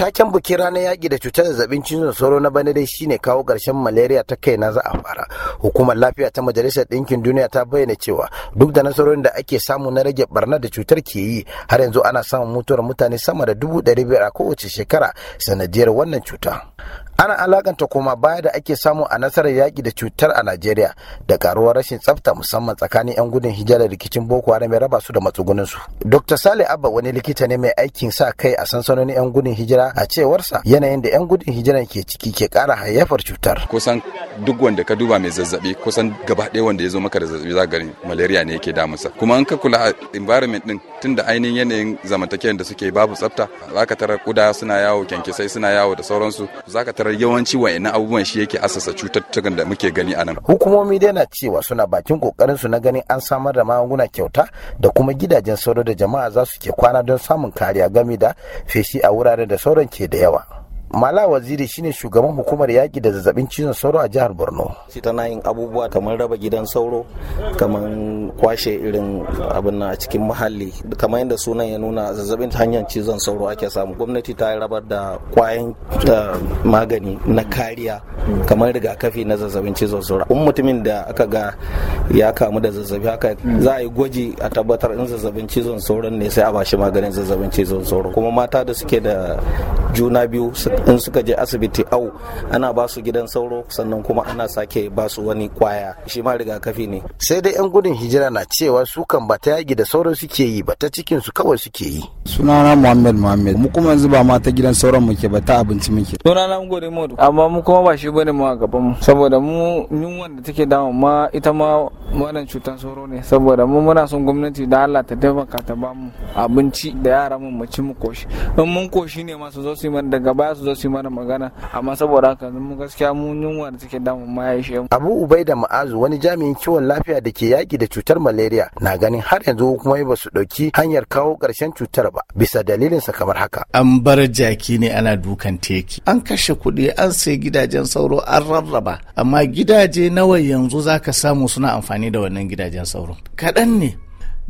taken bikin ranar yaƙi da cutar zazzabin cizon sauro na bana dai shine kawo ƙarshen malaria ta kai na za a fara hukumar lafiya ta majalisar ɗinkin duniya ta bayyana cewa duk da nasarorin da ake samu na rage barna da cutar ke yi har yanzu ana samun mutuwar mutane sama da dubu ɗari biyar a kowace shekara sanadiyar wannan cuta ana alakanta koma baya da ake samu a nasarar yaƙi da cutar a najeriya da karuwar rashin tsafta musamman tsakanin 'yan gudun hijira da rikicin boko haram ya raba su da su. dr sale abba wani likita ne mai aikin sa kai a sansanonin 'yan gudun hijira a cewarsa yanayin da 'yan gudun hijiran ke ciki ke ƙara hayyafar cutar kusan duk wanda ka duba mai zazzabi kusan gaba ɗaya wanda ya zo maka da zazzabi za gani malaria ne yake damunsa kuma an ka kula a environment din tunda ainihin yanayin zamantakewa da suke babu tsafta za ka tarar kuda suna yawo kyankyasai suna yawo da sauransu za ka tarar yawanci wa'annan abubuwan shi yake asasa cututtukan da muke gani anan. hukumomi dai na cewa suna bakin kokarin su na ganin an samar da magunguna kyauta da kuma gidajen sauro da jama'a za su ke kwana don samun kariya game da feshi a wuraren da sauran ke da yawa. mala waziri shine shugaban hukumar yaƙi da zazzabin cizon sauro a jihar borno tana yin abubuwa kamar raba gidan sauro kamar kwashe irin abin a cikin muhalli kamar yadda sunan ya nuna zazzabin hanyar cizon sauro ake samu gwamnati ta rabar da kwayan magani na kariya kamar rigakafi na zazzabin cizon sauro in mutumin da aka ga ya kamu da zazzabi haka za a yi gwaji a tabbatar in zazzabin cizon sauro ne sai a bashi maganin zazzabin cizon sauro kuma mata da suke da juna biyu in suka je asibiti au ana ba su gidan sauro sannan kuma ana sake ba su wani kwaya shi ma rigakafi ne sai dai yan gudun hijira na cewa su kan ba ta yaki da sauro suke yi ba ta cikin su kawai suke yi sunana muhammad muhammad mu kuma yanzu ba ma ta gidan sauron muke ba ta abinci muke sunana ngore modu amma mu kuma ba shi bane mu a gaban mu saboda mu yunwan da take damu ma ita ma wannan cutan sauro ne saboda mu muna son gwamnati da Allah ta taimaka ta ba mu abinci da yaran mu mu ci mu koshi in mun koshi ne ma su zo su yi mana daga baya su zo zo su yi mana magana amma saboda haka mu gaskiya mu yunwa da take damu ma ya shi Abu Ubaida Ma'azu wani jami'in kiwon lafiya da ke yaki da cutar malaria na ganin har yanzu kuma ba su dauki hanyar kawo karshen cutar ba bisa dalilin sa kamar haka an bar jaki ne ana dukan teki an kashe kuɗi an sai gidajen sauro an rarraba amma gidaje nawa yanzu zaka samu suna amfani da wannan gidajen sauro kaɗan ne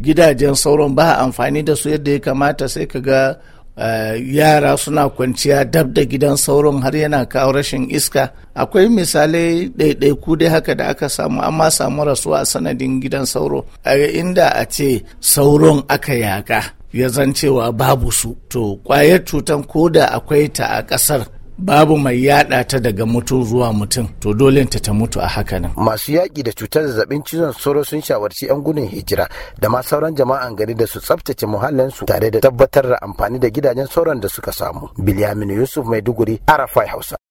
gidajen sauron ba amfani da su yadda ya kamata sai ka ga Eh, yara suna kwanciya dab da gidan sauron har yana kawo rashin iska akwai misalai ɗaiɗaiku dai haka da aka samu amma samu rasuwa a sanadin gidan sauro a inda a ce sauron aka yaka ya zan cewa babu su to kwayar cutan koda akwai ta a ƙasar babu mai yaɗa ta daga mutu zuwa mutum to dole ta ta mutu a haka nan masu yaƙi da cutar zazzabin cizon sauro sun shawarci yan gudun hijira da ma sauran jama'an gari da su tsaftace muhallinsu tare da tabbatar da amfani da gidajen sauran da suka samu bilyamin yusuf maiduguri arafai hausa